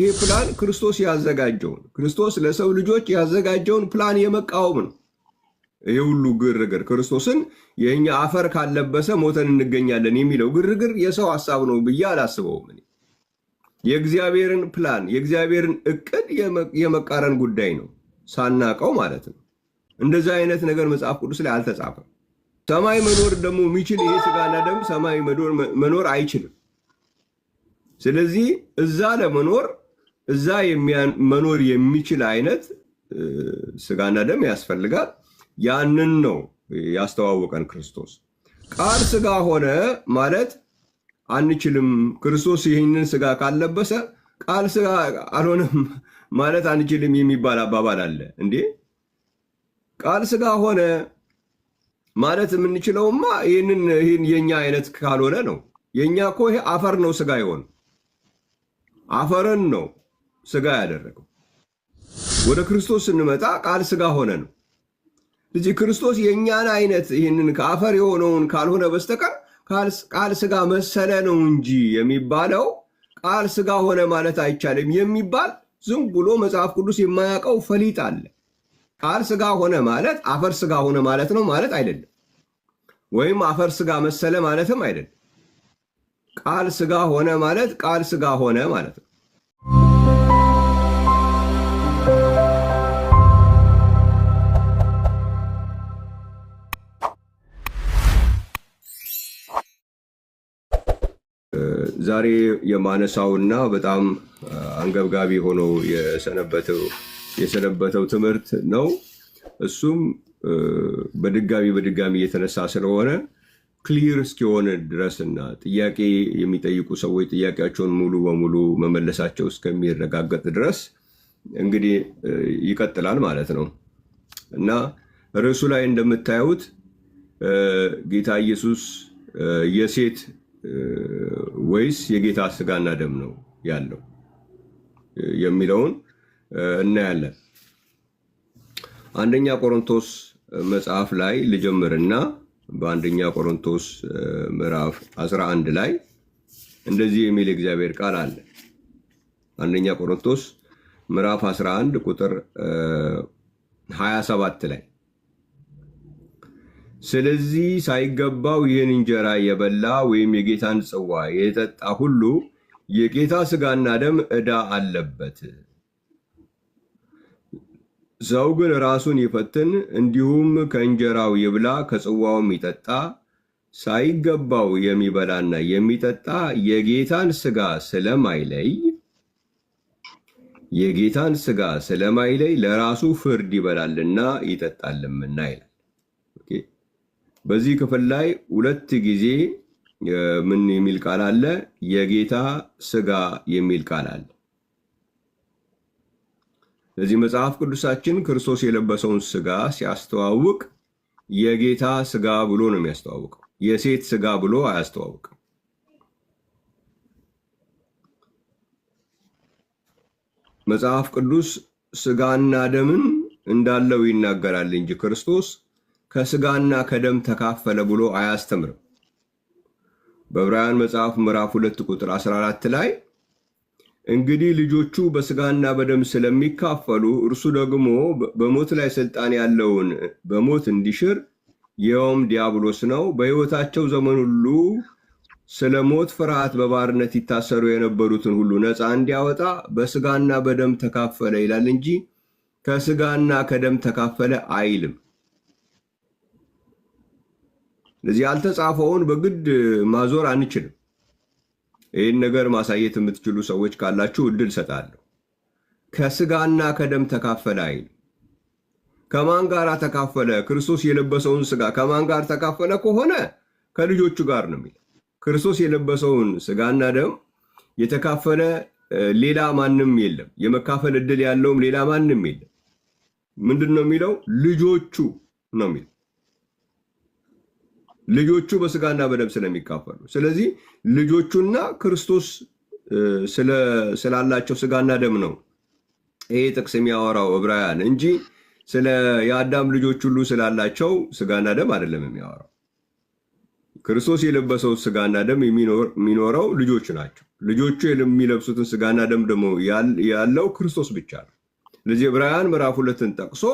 ይሄ ፕላን ክርስቶስ ያዘጋጀውን ክርስቶስ ለሰው ልጆች ያዘጋጀውን ፕላን የመቃወም ነው። ይሄ ሁሉ ግርግር ክርስቶስን የእኛ አፈር ካለበሰ ሞተን እንገኛለን የሚለው ግርግር የሰው ሀሳብ ነው ብዬ አላስበውም። የእግዚአብሔርን ፕላን የእግዚአብሔርን እቅድ የመቃረን ጉዳይ ነው፣ ሳናቀው ማለት ነው። እንደዚህ አይነት ነገር መጽሐፍ ቅዱስ ላይ አልተጻፈም። ሰማይ መኖር ደግሞ የሚችል ይህ ስጋና ደም ሰማይ መኖር አይችልም። ስለዚህ እዛ ለመኖር እዛ መኖር የሚችል አይነት ስጋና ደም ያስፈልጋል። ያንን ነው ያስተዋወቀን ክርስቶስ። ቃል ስጋ ሆነ ማለት አንችልም። ክርስቶስ ይህንን ስጋ ካልለበሰ ቃል ስጋ አልሆነም ማለት አንችልም የሚባል አባባል አለ እንዴ? ቃል ስጋ ሆነ ማለት የምንችለውማ ይህንን ይህን የእኛ አይነት ካልሆነ ነው። የእኛ እኮ ይሄ አፈር ነው ስጋ ይሆን አፈርን ነው ስጋ ያደረገው። ወደ ክርስቶስ ስንመጣ ቃል ስጋ ሆነ ነው ስለዚህ ክርስቶስ የእኛን አይነት ይህንን ከአፈር የሆነውን ካልሆነ በስተቀር ቃል ስጋ መሰለ ነው እንጂ የሚባለው ቃል ስጋ ሆነ ማለት አይቻልም የሚባል ዝም ብሎ መጽሐፍ ቅዱስ የማያውቀው ፈሊጥ አለ። ቃል ስጋ ሆነ ማለት አፈር ስጋ ሆነ ማለት ነው ማለት አይደለም። ወይም አፈር ስጋ መሰለ ማለትም አይደለም። ቃል ስጋ ሆነ ማለት ቃል ስጋ ሆነ ማለት ነው። ዛሬ የማነሳውና በጣም አንገብጋቢ ሆኖ የሰነበተው ትምህርት ነው። እሱም በድጋሚ በድጋሚ እየተነሳ ስለሆነ ክሊር እስኪሆን ድረስና ጥያቄ የሚጠይቁ ሰዎች ጥያቄያቸውን ሙሉ በሙሉ መመለሳቸው እስከሚረጋገጥ ድረስ እንግዲህ ይቀጥላል ማለት ነው እና ርዕሱ ላይ እንደምታዩት ጌታ ኢየሱስ የሴት ወይስ የጌታ ስጋና ደም ነው ያለው የሚለውን እናያለን። አንደኛ ቆሮንቶስ መጽሐፍ ላይ ልጀምርና በአንደኛ ቆሮንቶስ ምዕራፍ 11 ላይ እንደዚህ የሚል እግዚአብሔር ቃል አለ። አንደኛ ቆሮንቶስ ምዕራፍ 11 ቁጥር 27 ላይ ስለዚህ ሳይገባው ይህን እንጀራ የበላ ወይም የጌታን ጽዋ የጠጣ ሁሉ የጌታ ስጋና ደም ዕዳ አለበት። ሰው ግን ራሱን ይፈትን፣ እንዲሁም ከእንጀራው ይብላ ከጽዋውም ይጠጣ። ሳይገባው የሚበላና የሚጠጣ የጌታን ስጋ ስለማይለይ የጌታን ስጋ ስለማይለይ ለራሱ ፍርድ ይበላልና ይጠጣልምና ይላል። በዚህ ክፍል ላይ ሁለት ጊዜ ምን የሚል ቃል አለ? የጌታ ስጋ የሚል ቃል አለ። ስለዚህ መጽሐፍ ቅዱሳችን ክርስቶስ የለበሰውን ስጋ ሲያስተዋውቅ የጌታ ስጋ ብሎ ነው የሚያስተዋውቀው። የሴት ስጋ ብሎ አያስተዋውቅም። መጽሐፍ ቅዱስ ስጋና ደምን እንዳለው ይናገራል እንጂ ክርስቶስ ከስጋና ከደም ተካፈለ ብሎ አያስተምርም። በዕብራውያን መጽሐፍ ምዕራፍ ሁለት ቁጥር 14 ላይ እንግዲህ ልጆቹ በስጋና በደም ስለሚካፈሉ እርሱ ደግሞ በሞት ላይ ስልጣን ያለውን በሞት እንዲሽር ይኸውም ዲያብሎስ ነው። በሕይወታቸው ዘመን ሁሉ ስለ ሞት ፍርሃት በባርነት ይታሰሩ የነበሩትን ሁሉ ነፃ እንዲያወጣ በስጋና በደም ተካፈለ ይላል እንጂ ከስጋና ከደም ተካፈለ አይልም። ስለዚህ ያልተጻፈውን በግድ ማዞር አንችልም። ይህን ነገር ማሳየት የምትችሉ ሰዎች ካላችሁ እድል ሰጣለሁ። ከስጋና ከደም ተካፈለ አይል ከማን ጋር ተካፈለ? ክርስቶስ የለበሰውን ስጋ ከማን ጋር ተካፈለ ከሆነ ከልጆቹ ጋር ነው የሚለው። ክርስቶስ የለበሰውን ስጋና ደም የተካፈለ ሌላ ማንም የለም። የመካፈል እድል ያለውም ሌላ ማንም የለም። ምንድን ነው የሚለው? ልጆቹ ነው የሚለው ልጆቹ በስጋና በደም ስለሚካፈሉ ስለዚህ ልጆቹና ክርስቶስ ስላላቸው ስጋና ደም ነው ይሄ ጥቅስ የሚያወራው ዕብራውያን እንጂ ስለ የአዳም ልጆች ሁሉ ስላላቸው ስጋና ደም አይደለም የሚያወራው። ክርስቶስ የለበሰው ስጋና ደም የሚኖረው ልጆች ናቸው። ልጆቹ የሚለብሱትን ስጋና ደም ደግሞ ያለው ክርስቶስ ብቻ ነው። ስለዚህ ዕብራውያን ምዕራፍ ሁለትን ጠቅሶ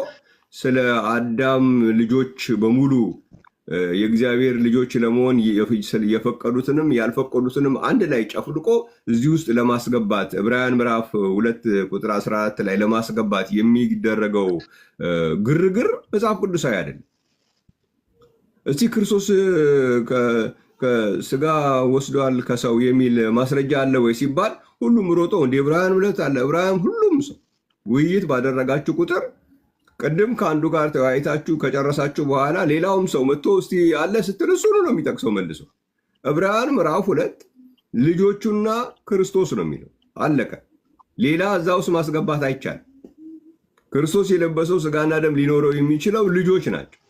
ስለ አዳም ልጆች በሙሉ የእግዚአብሔር ልጆች ለመሆን የፈቀዱትንም ያልፈቀዱትንም አንድ ላይ ጨፍልቆ እዚህ ውስጥ ለማስገባት ዕብራውያን ምዕራፍ ሁለት ቁጥር 14 ላይ ለማስገባት የሚደረገው ግርግር መጽሐፍ ቅዱሳዊ አይደለም። እስቲ ክርስቶስ ስጋ ወስዷል ከሰው የሚል ማስረጃ አለ ወይ ሲባል ሁሉም ሮጦ እንደ ዕብራውያን ሁለት አለ ዕብራውያን ሁሉም ሰው ውይይት ባደረጋችሁ ቁጥር ቅድም ከአንዱ ጋር ተወያይታችሁ ከጨረሳችሁ በኋላ ሌላውም ሰው መጥቶ እስቲ አለ ስትል ነው የሚጠቅሰው መልሶ። ዕብራውያን ምዕራፍ ሁለት ልጆቹና ክርስቶስ ነው የሚለው አለቀ። ሌላ እዛ ውስጥ ማስገባት አይቻልም። ክርስቶስ የለበሰው ስጋና ደም ሊኖረው የሚችለው ልጆች ናቸው።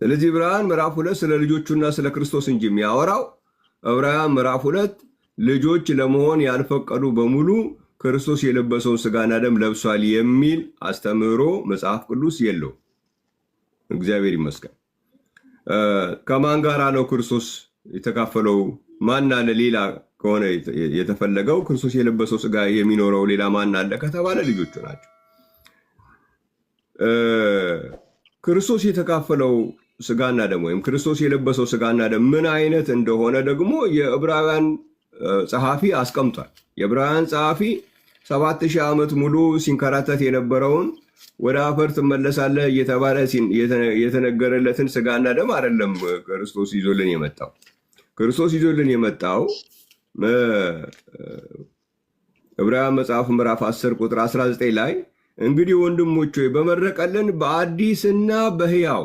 ስለዚህ ዕብራውያን ምዕራፍ ሁለት ስለ ልጆቹና ስለ ክርስቶስ እንጂ የሚያወራው ዕብራውያን ምዕራፍ ሁለት ልጆች ለመሆን ያልፈቀዱ በሙሉ ክርስቶስ የለበሰውን ስጋና ደም ለብሷል የሚል አስተምህሮ መጽሐፍ ቅዱስ የለው። እግዚአብሔር ይመስገን። ከማን ጋራ ነው ክርስቶስ የተካፈለው? ማን አለ? ሌላ ከሆነ የተፈለገው ክርስቶስ የለበሰው ስጋ የሚኖረው ሌላ ማን አለ ከተባለ ልጆቹ ናቸው። ክርስቶስ የተካፈለው ስጋና ደም ወይም ክርስቶስ የለበሰው ስጋና ደም ምን አይነት እንደሆነ ደግሞ የዕብራውያን ጸሐፊ አስቀምጧል። የዕብራውያን ጸሐፊ ሰባት ሺህ ዓመት ሙሉ ሲንከራተት የነበረውን ወደ አፈር ትመለሳለህ እየተባለ የተነገረለትን ስጋና ደም አይደለም ክርስቶስ ይዞልን የመጣው። ክርስቶስ ይዞልን የመጣው ዕብራውያን መጽሐፍ ምዕራፍ 10 ቁጥር 19 ላይ እንግዲህ ወንድሞች ሆይ በመረቀልን በአዲስና በሕያው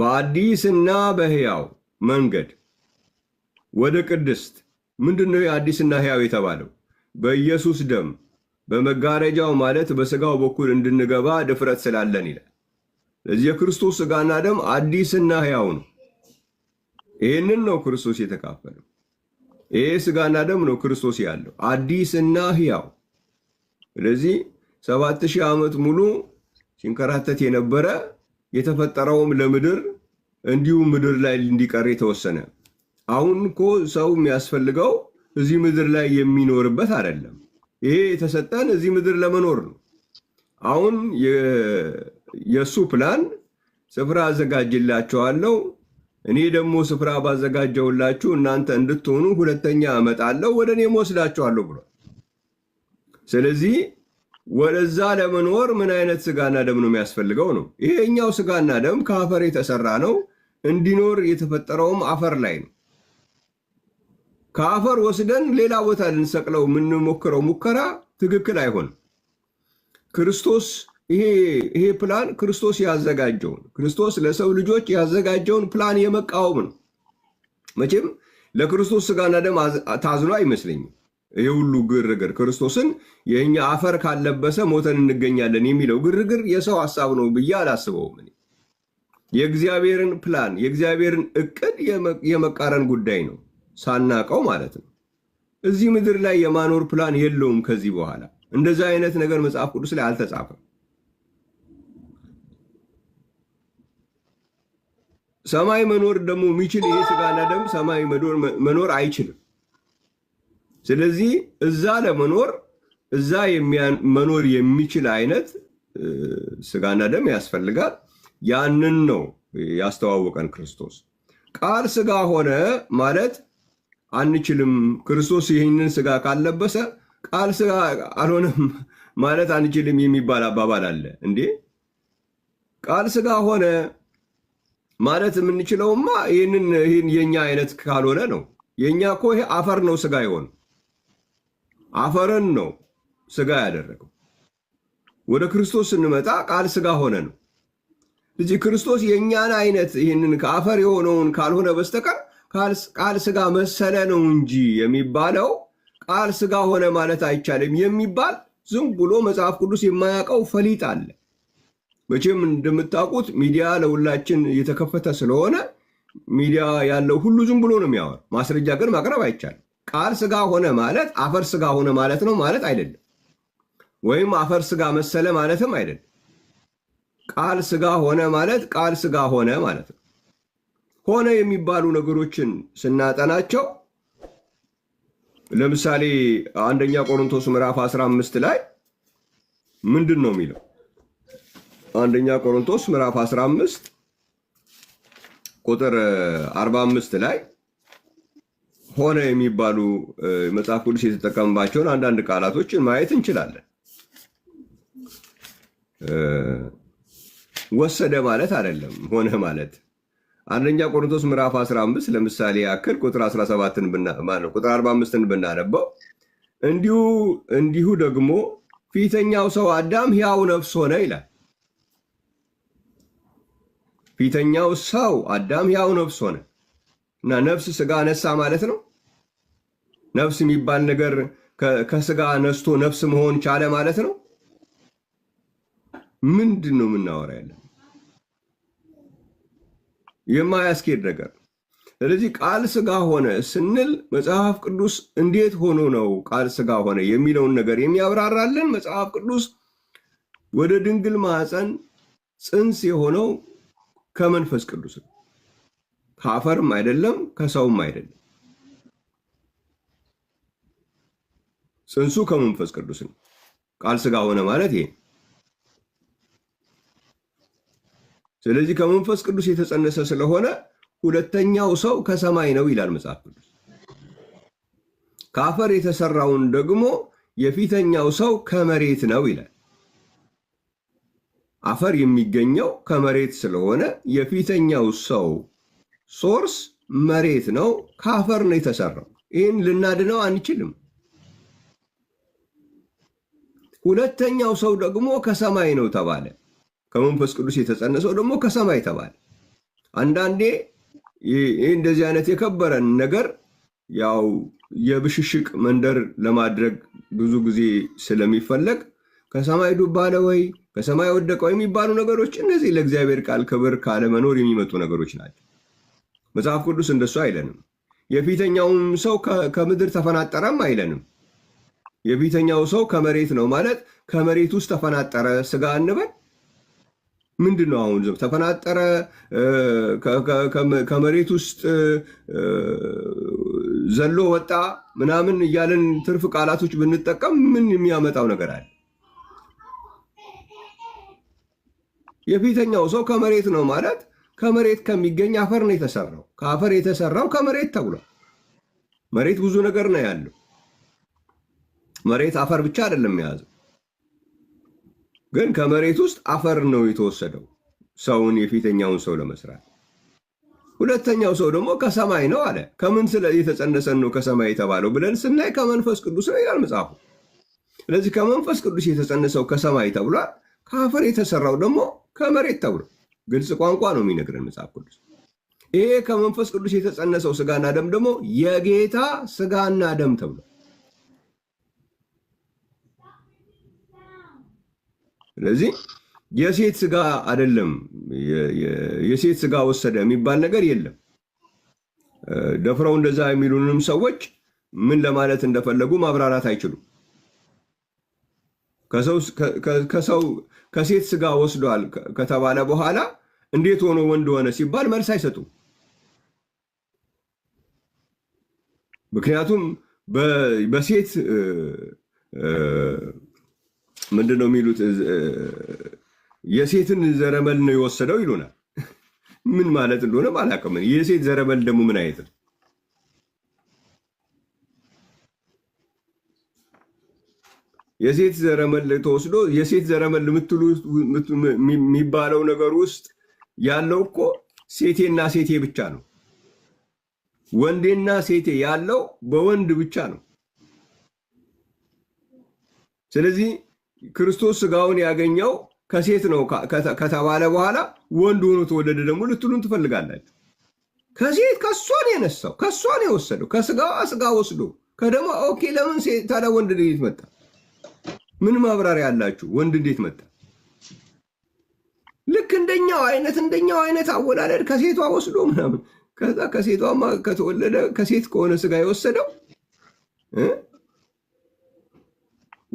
በአዲስና በሕያው መንገድ ወደ ቅድስት ምንድን ነው የአዲስና ሕያው የተባለው? በኢየሱስ ደም በመጋረጃው ማለት በስጋው በኩል እንድንገባ ድፍረት ስላለን ይላል። ስለዚህ የክርስቶስ ስጋና ደም አዲስና ሕያው ነው። ይህንን ነው ክርስቶስ የተካፈለው። ይሄ ስጋና ደም ነው ክርስቶስ ያለው አዲስና ሕያው። ስለዚህ ሰባት ሺህ ዓመት ሙሉ ሲንከራተት የነበረ የተፈጠረውም ለምድር እንዲሁም ምድር ላይ እንዲቀር የተወሰነ አሁን እኮ ሰው የሚያስፈልገው እዚህ ምድር ላይ የሚኖርበት አይደለም። ይሄ የተሰጠን እዚህ ምድር ለመኖር ነው። አሁን የእሱ ፕላን ስፍራ አዘጋጅላችኋለሁ፣ እኔ ደግሞ ስፍራ ባዘጋጀውላችሁ እናንተ እንድትሆኑ ሁለተኛ እመጣለሁ፣ ወደ እኔም ወስዳችኋለሁ ብሏል። ስለዚህ ወደዛ ለመኖር ምን አይነት ስጋና ደም ነው የሚያስፈልገው ነው። ይሄኛው ስጋና ደም ከአፈር የተሰራ ነው። እንዲኖር የተፈጠረውም አፈር ላይ ነው። ከአፈር ወስደን ሌላ ቦታ ልንሰቅለው የምንሞክረው ሙከራ ትክክል አይሆንም። ክርስቶስ ይሄ ፕላን ክርስቶስ ያዘጋጀውን ክርስቶስ ለሰው ልጆች ያዘጋጀውን ፕላን የመቃወም ነው። መቼም ለክርስቶስ ስጋና ደም ታዝኖ አይመስለኝም። ይህ ሁሉ ግርግር ክርስቶስን የእኛ አፈር ካለበሰ ሞተን እንገኛለን የሚለው ግርግር የሰው ሀሳብ ነው ብዬ አላስበውም። የእግዚአብሔርን ፕላን የእግዚአብሔርን እቅድ የመቃረን ጉዳይ ነው። ሳናቀው ማለት ነው። እዚህ ምድር ላይ የማኖር ፕላን የለውም ከዚህ በኋላ። እንደዚ አይነት ነገር መጽሐፍ ቅዱስ ላይ አልተጻፈም። ሰማይ መኖር ደግሞ የሚችል ይሄ ስጋና ደም ሰማይ መኖር አይችልም። ስለዚህ እዛ ለመኖር እዛ መኖር የሚችል አይነት ስጋና ደም ያስፈልጋል። ያንን ነው ያስተዋወቀን ክርስቶስ። ቃል ስጋ ሆነ ማለት አንችልም። ክርስቶስ ይህንን ስጋ ካልለበሰ ቃል ስጋ አልሆነም ማለት አንችልም የሚባል አባባል አለ እንዴ! ቃል ስጋ ሆነ ማለት የምንችለውማ ይህንን ይህን የእኛ አይነት ካልሆነ ነው። የእኛ እኮ ይሄ አፈር ነው ስጋ ይሆን አፈርን ነው ስጋ ያደረገው። ወደ ክርስቶስ ስንመጣ ቃል ስጋ ሆነ ነው። ስለዚህ ክርስቶስ የእኛን አይነት ይህንን ከአፈር የሆነውን ካልሆነ በስተቀር ቃል ስጋ መሰለ ነው እንጂ የሚባለው ቃል ስጋ ሆነ ማለት አይቻልም የሚባል ዝም ብሎ መጽሐፍ ቅዱስ የማያውቀው ፈሊጥ አለ። መቼም እንደምታውቁት ሚዲያ ለሁላችን እየተከፈተ ስለሆነ ሚዲያ ያለው ሁሉ ዝም ብሎ ነው የሚያወር። ማስረጃ ግን ማቅረብ አይቻልም። ቃል ስጋ ሆነ ማለት አፈር ስጋ ሆነ ማለት ነው ማለት አይደለም። ወይም አፈር ስጋ መሰለ ማለትም አይደለም። ቃል ስጋ ሆነ ማለት ቃል ስጋ ሆነ ማለት ነው። ሆነ የሚባሉ ነገሮችን ስናጠናቸው ለምሳሌ አንደኛ ቆሮንቶስ ምዕራፍ 15 ላይ ምንድን ነው የሚለው? አንደኛ ቆሮንቶስ ምዕራፍ 15 ቁጥር 45 ላይ ሆነ የሚባሉ መጽሐፍ ቅዱስ የተጠቀምባቸውን አንዳንድ ቃላቶችን ማየት እንችላለን። ወሰደ ማለት አይደለም ሆነ ማለት አንደኛ ቆሮንቶስ ምዕራፍ 15 ለምሳሌ ያክል ቁጥር 17 ቁጥር 45ን ብናነበው እንዲሁ እንዲሁ ደግሞ ፊተኛው ሰው አዳም ሕያው ነፍስ ሆነ ይላል። ፊተኛው ሰው አዳም ሕያው ነፍስ ሆነ እና ነፍስ ስጋ ነሳ ማለት ነው። ነፍስ የሚባል ነገር ከስጋ ነስቶ ነፍስ መሆን ቻለ ማለት ነው። ምንድን ነው የምናወራ ያለን? የማያስኬድ ነገር። ስለዚህ ቃል ስጋ ሆነ ስንል መጽሐፍ ቅዱስ እንዴት ሆኖ ነው ቃል ስጋ ሆነ የሚለውን ነገር የሚያብራራልን መጽሐፍ ቅዱስ ወደ ድንግል ማዕፀን ጽንስ የሆነው ከመንፈስ ቅዱስ ነው። ከአፈርም አይደለም፣ ከሰውም አይደለም። ጽንሱ ከመንፈስ ቅዱስ ነው። ቃል ስጋ ሆነ ማለት ይሄ ስለዚህ ከመንፈስ ቅዱስ የተጸነሰ ስለሆነ ሁለተኛው ሰው ከሰማይ ነው ይላል መጽሐፍ ቅዱስ። ከአፈር የተሰራውን ደግሞ የፊተኛው ሰው ከመሬት ነው ይላል። አፈር የሚገኘው ከመሬት ስለሆነ የፊተኛው ሰው ሶርስ መሬት ነው፣ ከአፈር ነው የተሰራው። ይህን ልናድነው አንችልም። ሁለተኛው ሰው ደግሞ ከሰማይ ነው ተባለ። ከመንፈስ ቅዱስ የተጸነሰው ደግሞ ከሰማይ ተባለ። አንዳንዴ ይህ እንደዚህ አይነት የከበረን ነገር ያው የብሽሽቅ መንደር ለማድረግ ብዙ ጊዜ ስለሚፈለግ ከሰማይ ዱብ አለ ወይ ከሰማይ ወደቀ ወይ የሚባሉ ነገሮች እነዚህ ለእግዚአብሔር ቃል ክብር ካለመኖር የሚመጡ ነገሮች ናቸው። መጽሐፍ ቅዱስ እንደሱ አይለንም። የፊተኛውም ሰው ከምድር ተፈናጠረም አይለንም። የፊተኛው ሰው ከመሬት ነው ማለት ከመሬት ውስጥ ተፈናጠረ ስጋ እንበል ምንድን ነው አሁን ተፈናጠረ ከመሬት ውስጥ ዘሎ ወጣ ምናምን እያለን ትርፍ ቃላቶች ብንጠቀም ምን የሚያመጣው ነገር አለ? የፊተኛው ሰው ከመሬት ነው ማለት ከመሬት ከሚገኝ አፈር ነው የተሰራው። ከአፈር የተሰራው ከመሬት ተብሏል። መሬት ብዙ ነገር ነው ያለው። መሬት አፈር ብቻ አይደለም የያዘው ግን ከመሬት ውስጥ አፈር ነው የተወሰደው ሰውን የፊተኛውን ሰው ለመስራት። ሁለተኛው ሰው ደግሞ ከሰማይ ነው አለ። ከምን ስለ የተጸነሰን ነው ከሰማይ የተባለው ብለን ስናይ ከመንፈስ ቅዱስ ነው ይላል መጽሐፉ። ስለዚህ ከመንፈስ ቅዱስ የተጸነሰው ከሰማይ ተብሏል። ከአፈር የተሰራው ደግሞ ከመሬት ተብሎ ግልጽ ቋንቋ ነው የሚነግረን መጽሐፍ ቅዱስ። ይሄ ከመንፈስ ቅዱስ የተጸነሰው ስጋና ደም ደግሞ የጌታ ስጋና ደም ተብሏል። ስለዚህ የሴት ስጋ አይደለም የሴት ስጋ ወሰደ የሚባል ነገር የለም። ደፍረው እንደዛ የሚሉንም ሰዎች ምን ለማለት እንደፈለጉ ማብራራት አይችሉም። ከሴት ስጋ ወስዷል ከተባለ በኋላ እንዴት ሆኖ ወንድ ሆነ ሲባል መልስ አይሰጡም። ምክንያቱም በሴት ምንድን ነው የሚሉት? የሴትን ዘረመል ነው የወሰደው ይሉናል። ምን ማለት እንደሆነ አላውቅም። የሴት ዘረመል ደግሞ ምን አይነት ነው? የሴት ዘረመል ተወስዶ የሴት ዘረመል የምትሉ የሚባለው ነገር ውስጥ ያለው እኮ ሴቴና ሴቴ ብቻ ነው። ወንዴና ሴቴ ያለው በወንድ ብቻ ነው። ስለዚህ ክርስቶስ ስጋውን ያገኘው ከሴት ነው ከተባለ በኋላ ወንድ ሆኖ ተወለደ ደግሞ ልትሉን ትፈልጋላችሁ። ከሴት ከሷን የነሳው ከሷን የወሰደው ከስጋዋ ስጋ ወስዶ ከደሞ ኦኬ፣ ለምን ታዲያ ወንድ እንዴት መጣ? ምን ማብራሪያ አላችሁ? ወንድ እንዴት መጣ? ልክ እንደኛው አይነት እንደኛው አይነት አወላለድ ከሴቷ ወስዶ ምናምን ከዛ ከሴቷ ከተወለደ ከሴት ከሆነ ስጋ የወሰደው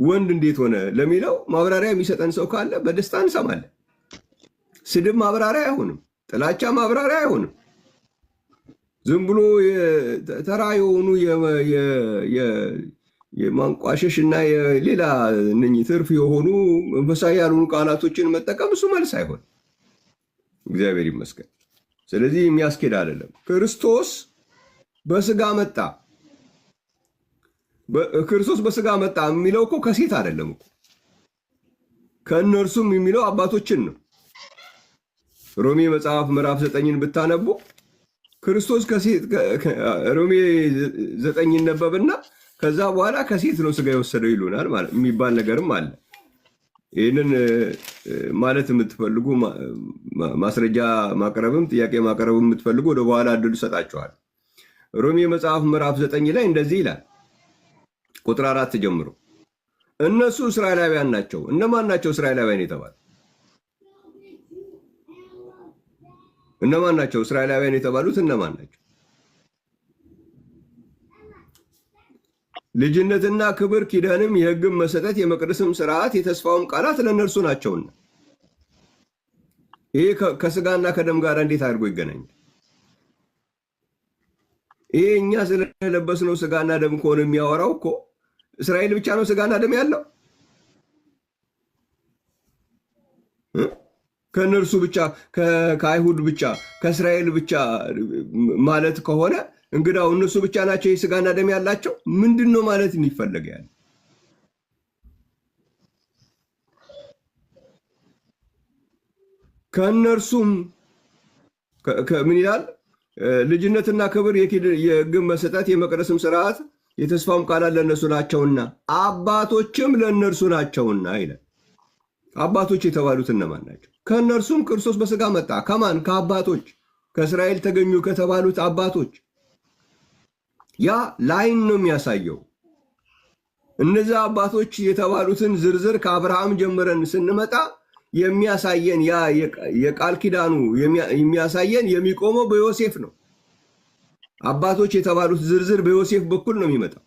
ወንድ እንዴት ሆነ ለሚለው ማብራሪያ የሚሰጠን ሰው ካለ በደስታ እንሰማለን። ስድብ ማብራሪያ አይሆንም። ጥላቻ ማብራሪያ አይሆንም። ዝም ብሎ ተራ የሆኑ የማንቋሸሽ እና የሌላ እነኚህ ትርፍ የሆኑ መንፈሳዊ ያልሆኑ ቃላቶችን መጠቀም እሱ መልስ አይሆን። እግዚአብሔር ይመስገን። ስለዚህ የሚያስኬድ አይደለም። ክርስቶስ በስጋ መጣ። ክርስቶስ በስጋ መጣ የሚለው እኮ ከሴት አይደለም እኮ ከእነርሱም የሚለው አባቶችን ነው። ሮሜ መጽሐፍ ምዕራፍ ዘጠኝን ብታነቡ ክርስቶስ ሮሜ ዘጠኝ ይነበብና ከዛ በኋላ ከሴት ነው ስጋ የወሰደው ይሉናል የሚባል ነገርም አለ። ይህንን ማለት የምትፈልጉ ማስረጃ ማቅረብም ጥያቄ ማቅረብ የምትፈልጉ ወደ በኋላ እድሉ ይሰጣችኋል። ሮሜ መጽሐፍ ምዕራፍ ዘጠኝ ላይ እንደዚህ ይላል ቁጥር አራት ጀምሮ እነሱ እስራኤላውያን ናቸው። እነማን ናቸው እስራኤላውያን የተባለ እነማን ናቸው እስራኤላውያን የተባሉት እነማን ናቸው? ልጅነትና ክብር፣ ኪዳንም፣ የሕግም መሰጠት፣ የመቅደስም ስርዓት፣ የተስፋውም ቃላት ለእነርሱ ናቸውና ይሄ ከስጋና ከደም ጋር እንዴት አድርጎ ይገናኛል? ይሄ እኛ ስለለበስነው ስጋና ደም ከሆነ የሚያወራው እኮ እስራኤል ብቻ ነው ስጋና ደም ያለው? ከእነርሱ ብቻ ከአይሁድ ብቻ ከእስራኤል ብቻ ማለት ከሆነ እንግዳው እነሱ ብቻ ናቸው የስጋና ደም ያላቸው ምንድን ነው ማለት የሚፈለግ ያለ ከእነርሱም ምን ይላል? ልጅነትና ክብር የግብ መሰጠት የመቅደስም ስርዓት የተስፋውም ቃላት ለእነርሱ ናቸውና አባቶችም ለእነርሱ ናቸውና ይላል። አባቶች የተባሉት እነማን ናቸው? ከእነርሱም ክርስቶስ በስጋ መጣ። ከማን? ከአባቶች ከእስራኤል ተገኙ ከተባሉት አባቶች። ያ ላይን ነው የሚያሳየው። እነዚ አባቶች የተባሉትን ዝርዝር ከአብርሃም ጀምረን ስንመጣ የሚያሳየን ያ የቃል ኪዳኑ የሚያሳየን የሚቆመው በዮሴፍ ነው። አባቶች የተባሉት ዝርዝር በዮሴፍ በኩል ነው የሚመጣው።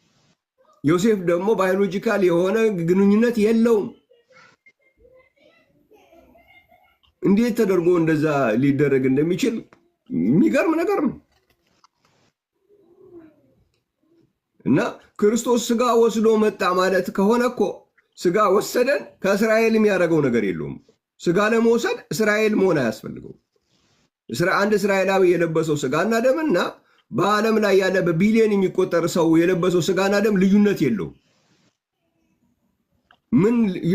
ዮሴፍ ደግሞ ባዮሎጂካል የሆነ ግንኙነት የለውም። እንዴት ተደርጎ እንደዛ ሊደረግ እንደሚችል የሚገርም ነገር ነው እና ክርስቶስ ስጋ ወስዶ መጣ ማለት ከሆነ እኮ ስጋ ወሰደን ከእስራኤል የሚያደርገው ነገር የለውም። ስጋ ለመውሰድ እስራኤል መሆን አያስፈልገውም። አንድ እስራኤላዊ የለበሰው ስጋና ደምና በዓለም ላይ ያለ በቢሊዮን የሚቆጠር ሰው የለበሰው ስጋና ደም ልዩነት የለውም።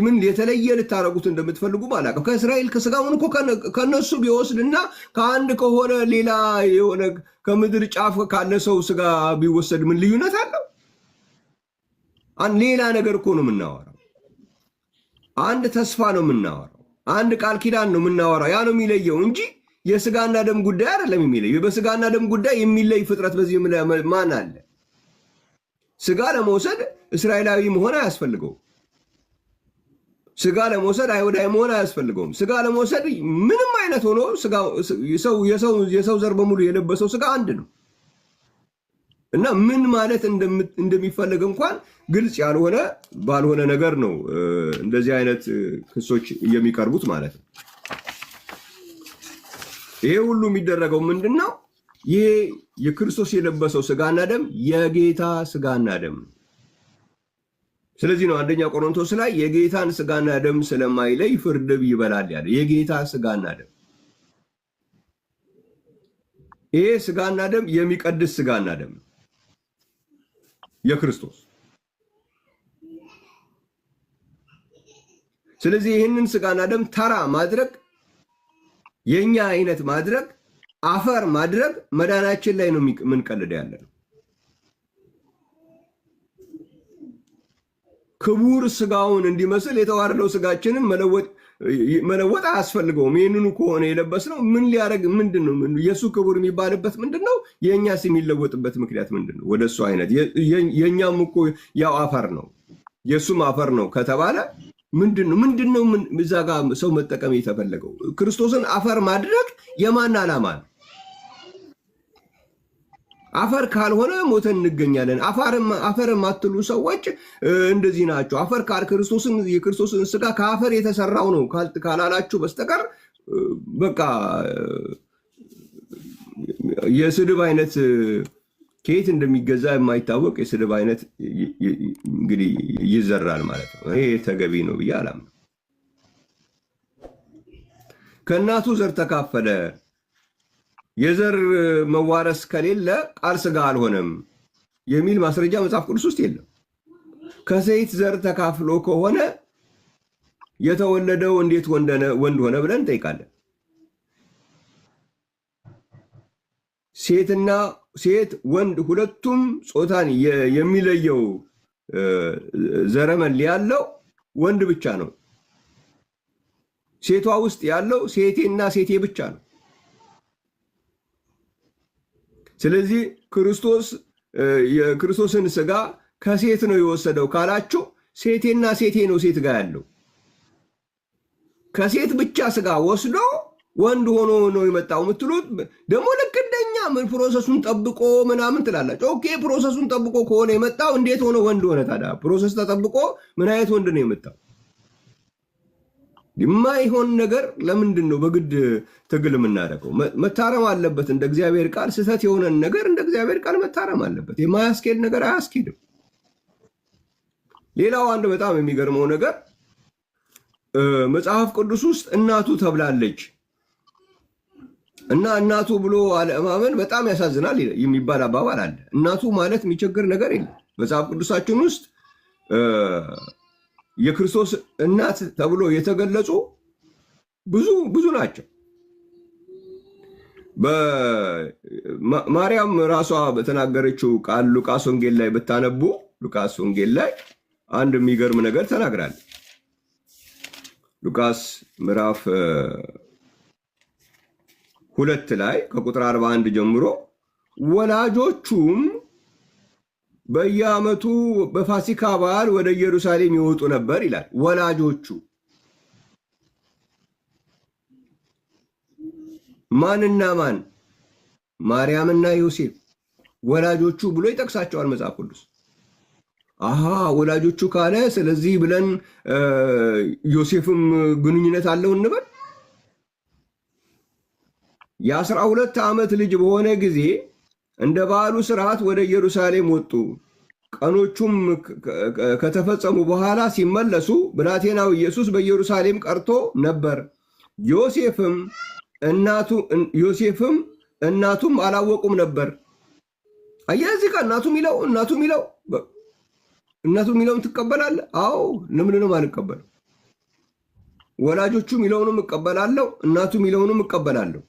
ምን የተለየ ልታረጉት እንደምትፈልጉ ባላውቅም ከእስራኤል ስጋውን እኮ ከነሱ ቢወስድና ከአንድ ከሆነ ሌላ የሆነ ከምድር ጫፍ ካለ ሰው ስጋ ቢወሰድ ምን ልዩነት አለው? ሌላ ነገር እኮ ነው የምናወራው። አንድ ተስፋ ነው የምናወራው። አንድ ቃል ኪዳን ነው የምናወራው። ያ ነው የሚለየው እንጂ የስጋና ደም ጉዳይ አይደለም የሚለይ። በስጋና ደም ጉዳይ የሚለይ ፍጥረት በዚህ ማን አለ? ስጋ ለመውሰድ እስራኤላዊ መሆን አያስፈልገውም። ስጋ ለመውሰድ አይሁዳዊ መሆን አያስፈልገውም። ስጋ ለመውሰድ ምንም አይነት ሆኖ የሰው ዘር በሙሉ የለበሰው ስጋ አንድ ነው እና ምን ማለት እንደሚፈለግ እንኳን ግልጽ ያልሆነ ባልሆነ ነገር ነው እንደዚህ አይነት ክሶች የሚቀርቡት ማለት ነው። ይሄ ሁሉ የሚደረገው ምንድን ነው? ይሄ የክርስቶስ የለበሰው ስጋና ደም የጌታ ስጋና ደም ነው። ስለዚህ ነው አንደኛ ቆሮንቶስ ላይ የጌታን ስጋና ደም ስለማይለይ ፍርድብ ይበላል ያለ። የጌታ ስጋና ደም ይሄ ስጋና ደም የሚቀድስ ስጋና ደም የክርስቶስ። ስለዚህ ይህንን ስጋና ደም ተራ ማድረግ የእኛ አይነት ማድረግ አፈር ማድረግ መዳናችን ላይ ነው የምንቀልድ ያለ ነው። ክቡር ስጋውን እንዲመስል የተዋረደው ስጋችንን መለወጥ አያስፈልገውም። ይህንኑ ከሆነ ነው ምን ሊያደርግ ምንድን ነው? የእሱ ክቡር የሚባልበት ምንድን ነው? የእኛስ የሚለወጥበት ምክንያት ምንድን ነው? ወደ እሱ አይነት የእኛም እኮ ያው አፈር ነው የእሱም አፈር ነው ከተባለ ምንድን ነው ምንድን ነው እዛ ጋ ሰው መጠቀም የተፈለገው? ክርስቶስን አፈር ማድረግ የማን ዓላማ ነው? አፈር ካልሆነ ሞተን እንገኛለን። አፈር የማትሉ ሰዎች እንደዚህ ናቸው። አፈር ካል ክርስቶስን የክርስቶስን ስጋ ከአፈር የተሰራው ነው ካላላችሁ በስተቀር በቃ የስድብ አይነት ከየት እንደሚገዛ የማይታወቅ የስድብ አይነት እንግዲህ ይዘራል ማለት ነው። ይሄ ተገቢ ነው ብዬ አላምነው። ከእናቱ ዘር ተካፈለ። የዘር መዋረስ ከሌለ ቃል ስጋ አልሆነም የሚል ማስረጃ መጽሐፍ ቅዱስ ውስጥ የለም። ከሴት ዘር ተካፍሎ ከሆነ የተወለደው እንዴት ወንድ ሆነ ብለን እንጠይቃለን። ሴትና ሴት ወንድ ሁለቱም ጾታን የሚለየው ዘረመል ያለው ወንድ ብቻ ነው። ሴቷ ውስጥ ያለው ሴቴና ሴቴ ብቻ ነው። ስለዚህ ክርስቶስ የክርስቶስን ስጋ ከሴት ነው የወሰደው ካላችሁ ሴቴና ሴቴ ነው ሴት ጋር ያለው ከሴት ብቻ ስጋ ወስዶ ወንድ ሆኖ ነው የመጣው የምትሉት ደግሞ ልክ እንደኛ ፕሮሰሱን ጠብቆ ምናምን ትላላችሁ። ኦኬ ፕሮሰሱን ጠብቆ ከሆነ የመጣው እንዴት ሆነ ወንድ ሆነ ታዲያ? ፕሮሰስ ተጠብቆ ምን አይነት ወንድ ነው የመጣው? የማይሆን ነገር ለምንድን ነው በግድ ትግል የምናደርገው? መታረም አለበት። እንደ እግዚአብሔር ቃል ስህተት የሆነን ነገር እንደ እግዚአብሔር ቃል መታረም አለበት። የማያስኬድ ነገር አያስኬድም። ሌላው አንድ በጣም የሚገርመው ነገር መጽሐፍ ቅዱስ ውስጥ እናቱ ተብላለች። እና እናቱ ብሎ አለማመን በጣም ያሳዝናል የሚባል አባባል አለ። እናቱ ማለት የሚቸግር ነገር የለም። መጽሐፍ ቅዱሳችን ውስጥ የክርስቶስ እናት ተብሎ የተገለጹ ብዙ ብዙ ናቸው። ማርያም ራሷ በተናገረችው ቃል ሉቃስ ወንጌል ላይ ብታነቡ ሉቃስ ወንጌል ላይ አንድ የሚገርም ነገር ተናግራለች። ሉቃስ ምዕራፍ ሁለት ላይ ከቁጥር 41 ጀምሮ ወላጆቹም በየዓመቱ በፋሲካ በዓል ወደ ኢየሩሳሌም ይወጡ ነበር ይላል። ወላጆቹ ማንና ማን? ማርያምና ዮሴፍ ወላጆቹ ብሎ ይጠቅሳቸዋል መጽሐፍ ቅዱስ። አሀ ወላጆቹ ካለ ስለዚህ ብለን ዮሴፍም ግንኙነት አለው እንበል የአስራ ሁለት ዓመት ልጅ በሆነ ጊዜ እንደ በዓሉ ስርዓት ወደ ኢየሩሳሌም ወጡ። ቀኖቹም ከተፈጸሙ በኋላ ሲመለሱ ብላቴናው ኢየሱስ በኢየሩሳሌም ቀርቶ ነበር። ዮሴፍም ዮሴፍም እናቱም አላወቁም ነበር። አያዚ ጋር እናቱ ሚለው እናቱ ሚለው እናቱ ሚለውን ትቀበላለህ? አዎ ልምልንም አልቀበልም። ወላጆቹ ሚለውንም እቀበላለሁ፣ እናቱ ሚለውንም እቀበላለሁ።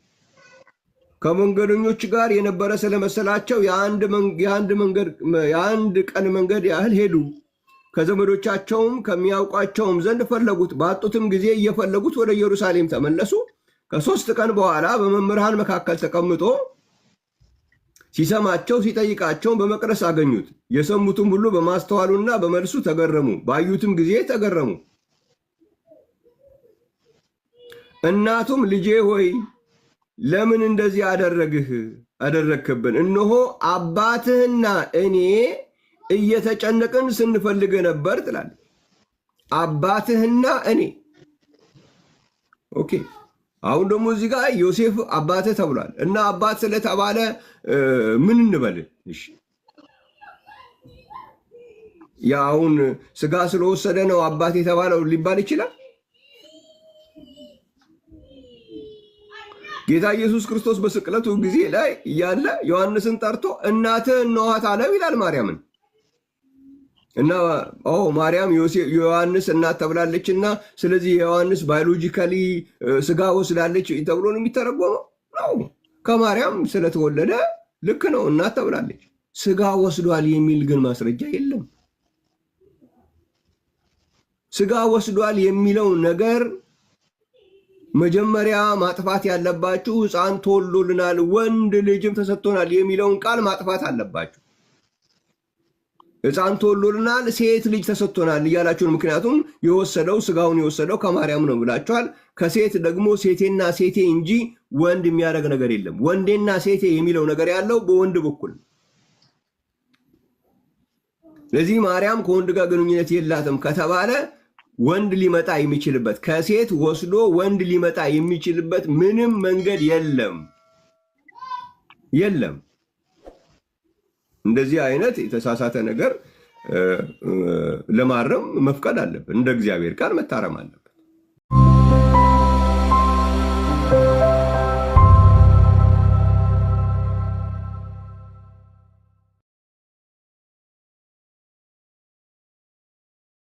ከመንገደኞች ጋር የነበረ ስለመሰላቸው የአንድ ቀን መንገድ ያህል ሄዱ። ከዘመዶቻቸውም ከሚያውቋቸውም ዘንድ ፈለጉት። ባጡትም ጊዜ እየፈለጉት ወደ ኢየሩሳሌም ተመለሱ። ከሶስት ቀን በኋላ በመምህራን መካከል ተቀምጦ ሲሰማቸው ሲጠይቃቸውን በመቅደስ አገኙት። የሰሙትም ሁሉ በማስተዋሉና በመልሱ ተገረሙ። ባዩትም ጊዜ ተገረሙ። እናቱም ልጄ ሆይ ለምን እንደዚህ አደረግህ አደረግክብን? እነሆ አባትህና እኔ እየተጨነቅን ስንፈልግ ነበር ትላለ። አባትህና እኔ ኦኬ። አሁን ደግሞ እዚህ ጋር ዮሴፍ አባትህ ተብሏል እና አባት ስለተባለ ምን እንበል? እሺ ያ አሁን ስጋ ስለወሰደ ነው አባት የተባለው ሊባል ይችላል። ጌታ ኢየሱስ ክርስቶስ በስቅለቱ ጊዜ ላይ እያለ ዮሐንስን ጠርቶ እናተ እነኋት አለው ይላል ማርያምን እና ማርያም ዮሐንስ እናት ተብላለች እና ስለዚህ የዮሐንስ ባዮሎጂካሊ ስጋ ወስዳለች ተብሎ ነው የሚተረጎመው ነው። ከማርያም ስለተወለደ ልክ ነው እናት ተብላለች። ስጋ ወስዷል የሚል ግን ማስረጃ የለም። ስጋ ወስዷል የሚለው ነገር መጀመሪያ ማጥፋት ያለባችሁ ሕፃን ተወልዶልናል ወንድ ልጅም ተሰጥቶናል የሚለውን ቃል ማጥፋት አለባችሁ። ሕፃን ተወልዶልናል ሴት ልጅ ተሰጥቶናል እያላችሁን፣ ምክንያቱም የወሰደው ስጋውን የወሰደው ከማርያም ነው ብላችኋል። ከሴት ደግሞ ሴቴና ሴቴ እንጂ ወንድ የሚያደርግ ነገር የለም። ወንዴና ሴቴ የሚለው ነገር ያለው በወንድ በኩል ስለዚህ ማርያም ከወንድ ጋር ግንኙነት የላትም ከተባለ ወንድ ሊመጣ የሚችልበት ከሴት ወስዶ ወንድ ሊመጣ የሚችልበት ምንም መንገድ የለም የለም። እንደዚህ አይነት የተሳሳተ ነገር ለማረም መፍቀድ አለብን። እንደ እግዚአብሔር ቃል መታረም አለብን።